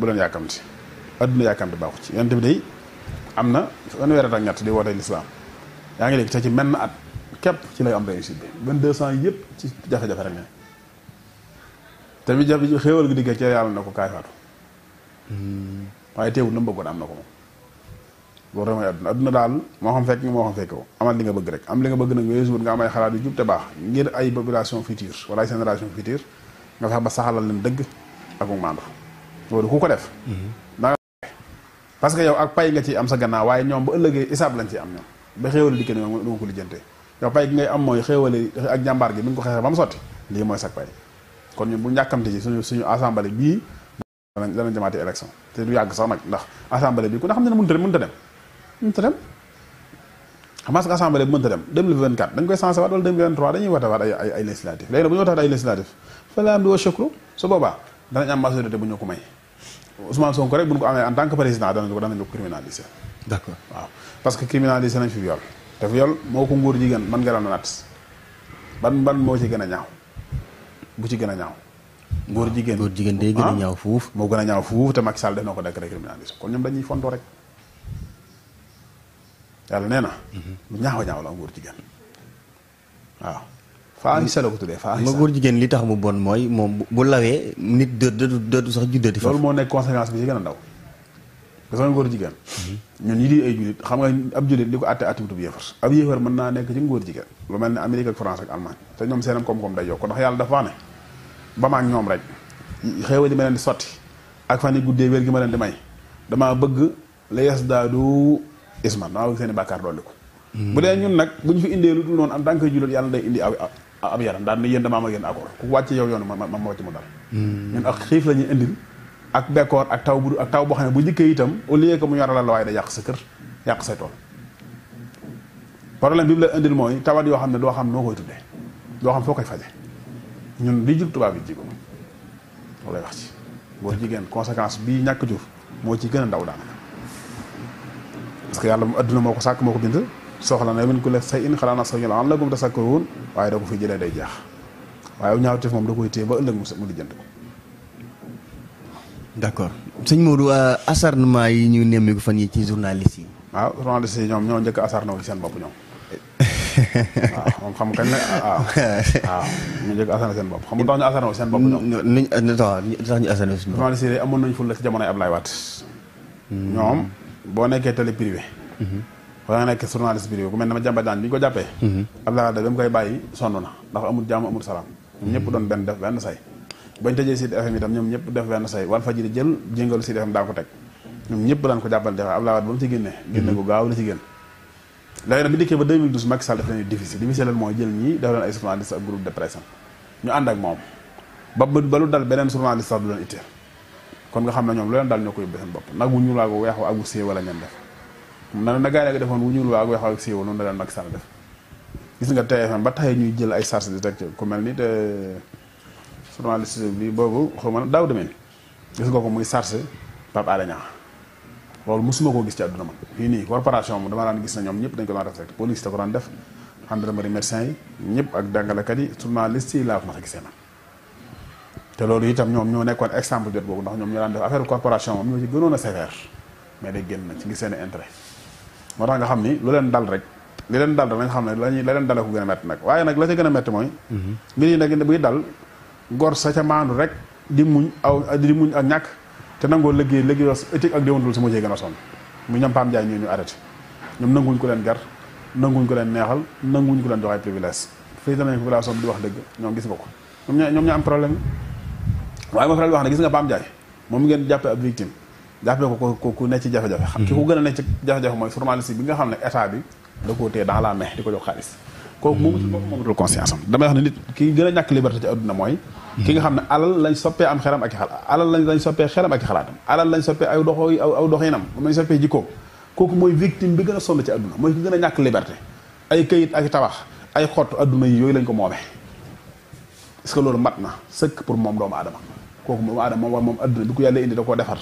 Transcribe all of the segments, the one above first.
bu leen yàkkamti adduna yàkkamti baaxu ci yonent bi day am na fanweer ak ñett di woote lislaam yaa ngi léegi te ci menn at képp ci lay am réussite bi benn deux cent yëpp ci jafe-jafe rek ne tamit jafe xéewal gi diggee ci yàlla na ko kaay faatu hmm. waaye na mu bëggoon na ko moom loolu rek daal moo xam fekk nga moo xam fekkoo amal li nga bëgg bëgg nag nga am xalaat yu jub te baax ngir ay population future wala ay génération future nga fex ba saxalal leen dëgg ak mu loolu ku ko def. Mhm. da parce que yow ak pay nga ciy am sa gannaaw waaye ñoom ba ëllëgee isaab lañ ciy am ñoom ba xéewale dikkee ne moom du ko lijjantee yow pay gi ngay am mooy xéewale ak gi bi nga ko xeexee ba mu sotti lii mooy sag pay kon ñun bu ñu ñàkkamte ci suñu suñu assemblée bii danañ danañ jamaate élection te du yàgg sax nag ndax assemblée bii ku ne xam ne ne mënta dem mënta dem mënta dem xam nga assemblée bi mënta dem 2024 dañuy wote ay ay ay législatif bu ñu wotaat ay législatif fa la su boobaa danañ am majorité bu ñu ko may Ousmane Sonko rek bu ñu ko amee en tant que président danañ ko danañ ko criminaliser. d'accord waaw parce que criminaliser nañ fi viol te viol moo ko nguur jigéen man nga la nat ban ban moo ci gën a ñaaw bu ci gën a ñaaw. góor jigéen góor jigéen day gën a ah? ñaaw fuuf. moo gën a ñaaw fuuf te Macky Sall def na ko décret criminalisé kon ñoom dañuy fontoo rek yàlla nee na. Mhm. lu ñaaw ñaaw la am góor jigéen waaw. faa ahisa la jigéen li tax mu bon mooy moom bu lawee nit dootu dootu sax juddati fa loolu moo nekk conséquence bi ci gën a ndaw dafa ngóor jigéen mhm. ñun ñi di ay jullit xam nga ab jullit li ko atte attiwutub yéefar ab yéefar mën naa nekk ci ngóor jigéen lu mel ne Amérique ak France ak Allemagne te ñoom seenam koom-koom day yokk ndax yàlla dafa wax ne ba ñoom rek xéewal di ma leen di sotti ak fan yi guddee wér gi ma leen di may damaa bëgg la yes daadu isman damaa bëgg seen i bàkkaar dolli ko mhm. bu dee ñun nag buñ fi indee lu dul noonu en yàlla day indi aw Ah, ab yaram daal ne yéen damaa ma ak yéen accord ku wàcce yow yoonu ma ma ma wàcc mu dal ñun ak xiif la ñuy indil ak bekkoor ak taw bu ak taw boo xam ne bu njëkkee itam au lieu que mu ñoral la waaye da yàq sa kër yàq say tool problème bi mu la indil mooy tawat yoo xam ne doo xam noo koy tuddee doo xam foo koy faje ñun li jug tubaab yi jigo loolu lay wax ci góor jigéen conséquence bii ñàkk jur moo ci gën a ndaw daanaka parce que yàlla mu adduna moo ko sàkk moo ko soxla na min kulli shay'in xalaqnaa zawjayn la'allakum tashkuruun waaye da ko fi jëlee day jeex waaye ñaawteef moom da koy téye ba ëllëg mu di jënd ko. d'accord sëñ Modou euh, acharnement yi ñu nemmeeku fan yi ci journaliste yi. waaw ah, journaliste yi ñoom ñoo njëkk a acharné ci seen bopp ñoom. waaw xam kañ ne ah, waaw waaw ñu njëkk asana ñu asana seen bopp ñoom nuñ tax ñu asana seen bopp journaliste yi amoon nañ fulla ci jamonoy Ablaye Wade mm-hmm. ñoom boo nekkee télé privé mm-hmm. wala nga nekk journaliste vidéo ku bi mhm. koy bàyyi sonn na ndax amul jàmm ñëpp doon benn def benn say bañ tëjee Sud FM itam ñoom ñëpp def benn say wal fajiri jël jéngalu Sud FM daa ñëpp daan ko jàppal defe mhm. la ci génn léegi nag bi dikkee ba 2012 Macky Sall daf leen difficile difficile lan mooy jël ñii def ak moom ba ba lu beneen journaliste sax du leen itteel kon nga xam ne ñoom lu leen dal ñoo ko yóbbee seen bopp nag wu ñuulaa weex wa ak wu séew wala ngeen def na na gaa yi defoon wu ñuul waa ak weex ak siiw noonu la daan Macky Sall def gis nga TFM ba taxee ñuy jël ay charge détecteur ku mel ni te journaliste bi boobu xaw ma daaw demee ni ko muy charge Pape Alé gis ci àdduna man fii nii daan gis na ñoom ñëpp dañ ko daan respecté police da ko daan def gendarmerie médecin yi ñëpp ak jàngalekat yi journaliste yi laa ko mas a gisee man te loolu itam ñoom ñoo nekkoon exemple jot boobu ndax ñoom ñoo daan def affaire corporation moom ñoo ci gënoon a sévère mais seen intérêt moo tax nga xam ni lu leen dal rek li leen dal rek nañ xam ne lañuy la leen dale ko gën a metti nag waaye nag la ca gën a metti mooy mhm. mbir yi nag buy dal gor sa ca maandu rek di muñ aw di muñ ak ñàkk te nangoo liggéey liggéey wax éthique ak déwantul si moo cee gën a sonn mu ñoom Pam Ndiaye ñoo ñu ñoom nanguñ ko leen gar nanguñ ko leen neexal nanguñ ko leen jox ay privilège fii danañ population bi di wax dëgg ñoom gis nga ko ñoom ñoo am problème waaye wax ne gis nga paam Ndiaye moom ngeen jàppee ab victime jàppee ko ko ku nekk ci jafe-jafe xam hmm. ki ku gën a nekk ci jafe-jafe mooy formalisme bi nga xam ne état bi da koo téye dans la main di ko jox xaalis kooku moomutul hmm. bopp am ne a ñàkk liberté ci adduna mooy ak i alal lañ lañ soppee xelam ak i xalaatam alal lañ soppee ay doxo aw doxinam lañ soppee jikkoom kooku mooy victime bi gën a sonn ci adduna mooy ki gën a ñàkk liberté ay kayit ak tabax ay yooyu lañ ko moom est-ce loolu mat na sëkk pour moom doomu aadama kooku moom aadama moom moom adduna bi ko yàlla indi da koo defar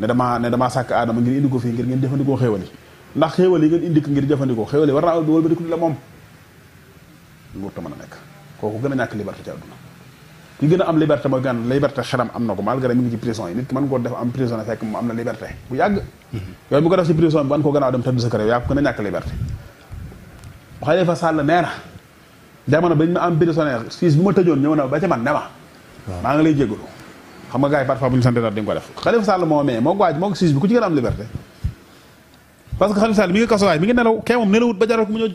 ne damaa ne damaa sàkk aadama ngir indi ko fii ngir ngeen jëfandikoo xéewal ndax xéewal ngeen indi ko ngir jëfandikoo xéewal war naa wëlbatiku di la gën a ñàkk liberté ci adduna ki gën a am am na ko malgré mi ngi koo def am prison fekk moom am na liberté bu yàgg mhm. yooyu mi ko def ci prison bi ban ko gannaaw dem tëdd sa kër yaa ko gën a ñàkk liberté Xalifa Sall nee na jamono bañ ma am prisonnier siis bi ma tëjoon ñëw na ba ca man ne ma maa ngi lay jégalu xam nga gars yi parfois bu ñu sant dara dañ ko def Khalifa Sall moo mee moo waaj moo ko bi ku ci gën a am liberté parce que Khalifa Sall mi ngi kaso waaj mi ngi nelaw kee moom nelawut ba jaral ko mu ñëw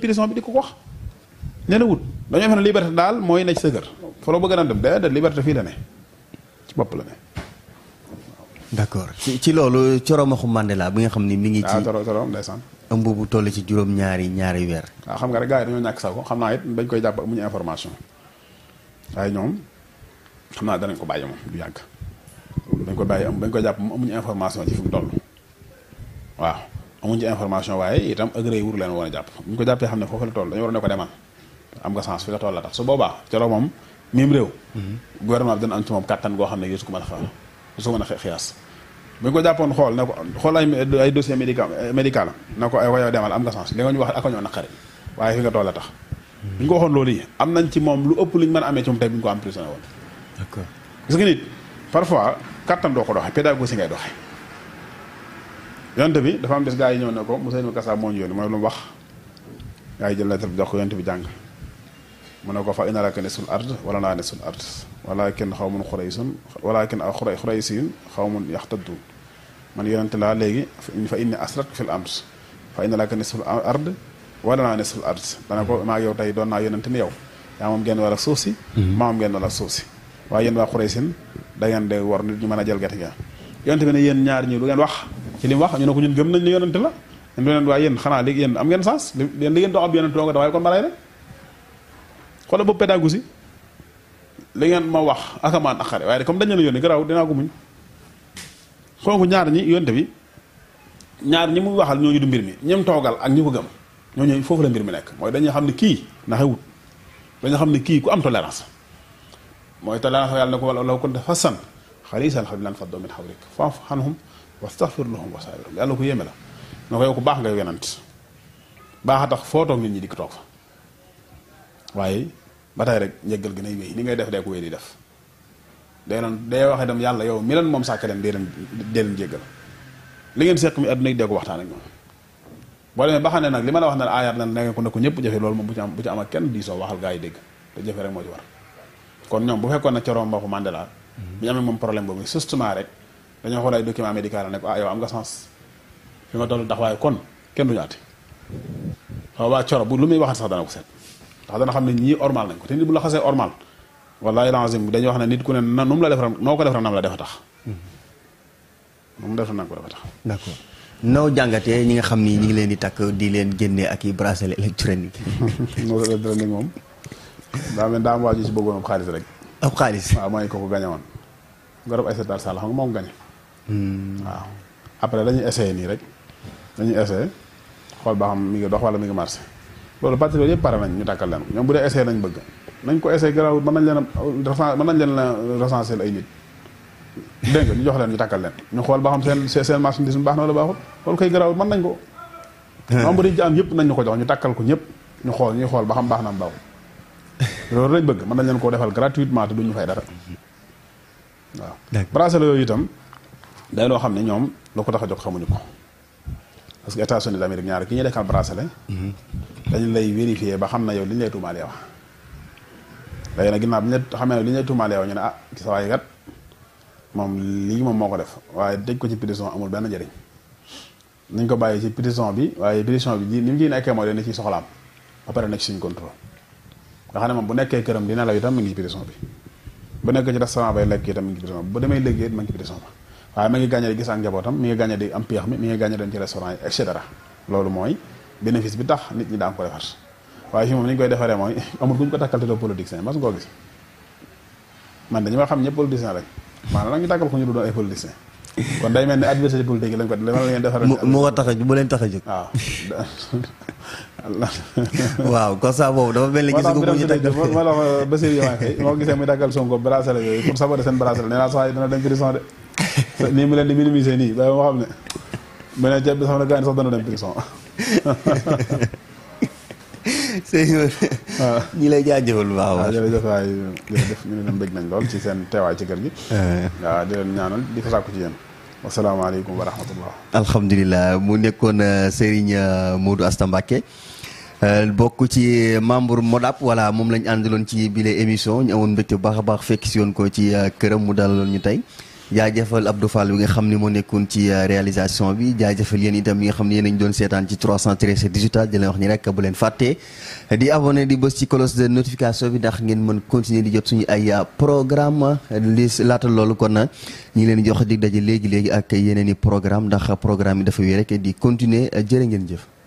daal mooy ne sa kër fa loo bëgg a dem déedéet liberté fii la bopp la ne d'accord ci ci loolu coromaxu Mandela bi nga xam ni mi ngi. ci coro ah, corom ndeysaan. ëmb bu toll ci juróom ñaari ñaari weer. Ah, xam nga rek gars yi dañoo ñàkk xam naa it bañ koy jàpp amuñu information waaye ñoom xam naa danañ ko bàyyi moom du yàgg. ko bañ ko jàpp mu amuñu information ci fi mu waaw amuñ ci information waaye itam ak rëy wur leen woon a jàpp buñ ko a xaar su mm-hmm. ko mën a jàppoon xool ay dossier médical na ko ay wayow naqari waaye fi nga toll tax mm-hmm. buñ ko waxoon loolu yi am nañ ci moom lu ëpp luñ mën a amee ci moom tey buñ ko emprisonné woon gis nga nit parfois kattan doo ko doxee si ngay doxee yonent bi dafa am bés gaa yi ñëw ne ko Ousseynou Kassa moo ñu yónni mooy lu mu wax gaa yi jël lettre bi jox ko yonent bi jàng mu ne ko fa inna laka nisful ard wala naa nisful ard walakin xawmun xuraysun walakin ak xuray xuraysiyun xawmun yaxtadduun man yonent laa léegi fa inni asratku fil amr fa inna laka nisful ard wala naa ne nisful ard dana ko maa yow tey doon naa yonent ni yow yaa moom genn wàll ak suuf si hmm. maa moom genn wàll ak suuf si waaye yéen waa xuraysin da ngeen de war nit ñu mën a jël gerte ga yonent bi ne yéen ñaar ñi lu ngeen wax ci li wax ñu ne ko ñun gëm nañ li yonent la ñu ne leen waaye yéen xanaa léegi yéen am ngeen sens yéen li ngeen dox ab yonent doo nga da ngeen ma wax akamaan axare waaye comme dañ leen yónni garaaw dinaa ko muñ xooku ñaar ñi yonent bi ñaar ñi mu waxal ñooñu du mbir mi ñem toogal ak ñi ko gëm ñooñu foofu la mbir mi nekk mooy dañuy xam ne kii naxewut dañu xam ne kii ku am tolérance mooy talaax yàlla na ko wala law kunta fassan xaliisal xalbi lan faddu min xawlik faafu xanhum wastaxfir lahum wasaawirum yàlla ko yéeme la na ko yow ku baax nga yonent baax a tax foo toog nit ñi dikk toog fa waaye ba tey rek njëggal gën a wéy li ngay def dee ko di def day doon day waxee dem yàlla yow mi leen moom sàkk leen dee leen dee leen jéggal li ngeen seq mi adduna yi dee ko waxtaan ak ñoom boo demee ba xam ne nag li ma la wax ne aayaat na ne ko ne ko jafe loolu moom bu ci am bu ci am ak kenn diisoo waxal gaa yi dégg te jafe rek moo ci kon ñoom bu fekkoon na Coro Mbofu Mandela bi ñu amee moom problème boobu justement rek dañoo xool ay document médical la ne ko ah yow am nga sens fi nga toll ndax waaye kon kenn du ñu àtte waaw waa Coro bu lu muy waxat sax dana ko seet ndax dana xam ne ñii ormal nañ ko te nit bu la xasee ormal wallahi lazim dañuy wax ne nit ku ne na nu mu la def noo ko def rek nam la tax mm-hmm. nu def nag ko defa tax d'accord noo jàngatee ñi nga xam ni ñi ngi leen di takk di leen génne ak i bracelet électronique moom daa mel daa am ci bëggoon ab xaalis rek. ab xaalis waaw mooy ko ko gañe woon. garab ay seetaar sàll xam nga moom gañe. Hmm. waaw après dañuy essayé nii rek dañuy essayé xool ba xam mi ngi dox wala mi ngi marché loolu partenaires yëpp pare nañ ñu tàkkal leen ñoom bu dee essayé nañ bëgg nañ ko essayé garaawul mën leen a nañ leen recensé ay nit. dégg nga ñu jox leen ñu tàkkal leen ñu xool ba xam seen seen marchandise baax na wala baaxul loolu koy garaawul mën nañ ko. nombre yi ci am yëpp nañ ñu ko jox ñu takkal ko ñëpp ñu xool ñuy xool ba xam baax na am baaxul loolu lañ bëgg mën nañ leen koo defal gratuitement te duñu fay dara waaw bracelet yooyu itam day loo xam ne ñoom loo ko tax a xamuñu ko parce que États-Unis d'Amérique ñaar ki ñu dekkal bracelet mhm. dañ lay vérifier ba xam na yow liñ ñu lay tuumaal yow léegi nag ginnaaw bi ñu xamee ne li ñu lay tuumaal ñu ne ah ci sa waay kat moom lii moom moo ko def waaye dañ ko ci prison amul benn njëriñ nañ ko bàyyi ci prison bi waaye prison bi ni mu ciy nekkee mooy dañ ci soxlaam ba pare nekk suñu contrôle nga xam ne moom bu nekkee këram dina la itam mi ngi ci prison bi bu nekkee ci restaurant bay lekk itam mi ngi ci bi bu demee liggéey ma ngi ci ba waaye mi ngi gàññe di gis ak njabootam mi ngi gàññe di am peex mi mi ngi gàññe dem ci restaurant yi et loolu mooy bénéfice bi tax nit ñi daan ko defar waaye fii moom ni ñu koy defaree mooy amul ku ñu ko takkal te doo politicien mas ngoo gis man dañu ma xam ñëpp politicien rek maanaam nag ñu ko ñu kon day mel ne adversité politique lañ ko def dama la ngeen defar. moo ko tax a leen tax a jóg. waaw. waaw constat boobu dafa mel ni gis nga ko ñu teg moo moo gisee muy daggal Sonko bracelet yooyu pour saboter seen bracelet nee naa saa yi dana dem prison de nii mu leen di minimiser nii ba moo xam ne mu ne ceeb bi sax na gaañ sax dana dem prison sëñ ah. ñi lay jaajëfal bu baax waaw ah, jërëjëf waay jërëjëf ñu leen mbég nañ lool ci seen teewaay ci kër gi waaw eh. ah, di leen ñaanal di ko sàkku ci yéen wasalaamaaleykum wa rahmatullah alhamdulilah mu nekkoon euh, Serigne euh, Modou Asta Mbacké euh, bokk ci membre Modap voilà moom lañ àndaloon ci bile émission ñu amoon mbégte bu baax a baax fekk si woon ko ci këram mu dalaloon ñu tey jaajëfal Abdou Fall bi nga xam ne moo nekkoon ci euh, réalisation bi jaajëfal yéen itam ñi nga xam ne yéen a ngi doon seetaan ci 313 digital di leen wax ni rek bu leen fàttee di abonné di bës ci cloche de notification bi ndax ngeen mën continuer di jot suñu ay euh, programme li laata loolu kon ñu ngi leen jox di daje léegi léegi ak yeneen i programme ndax programme yi dafa wéy rek di continuer jërë ngeen jëf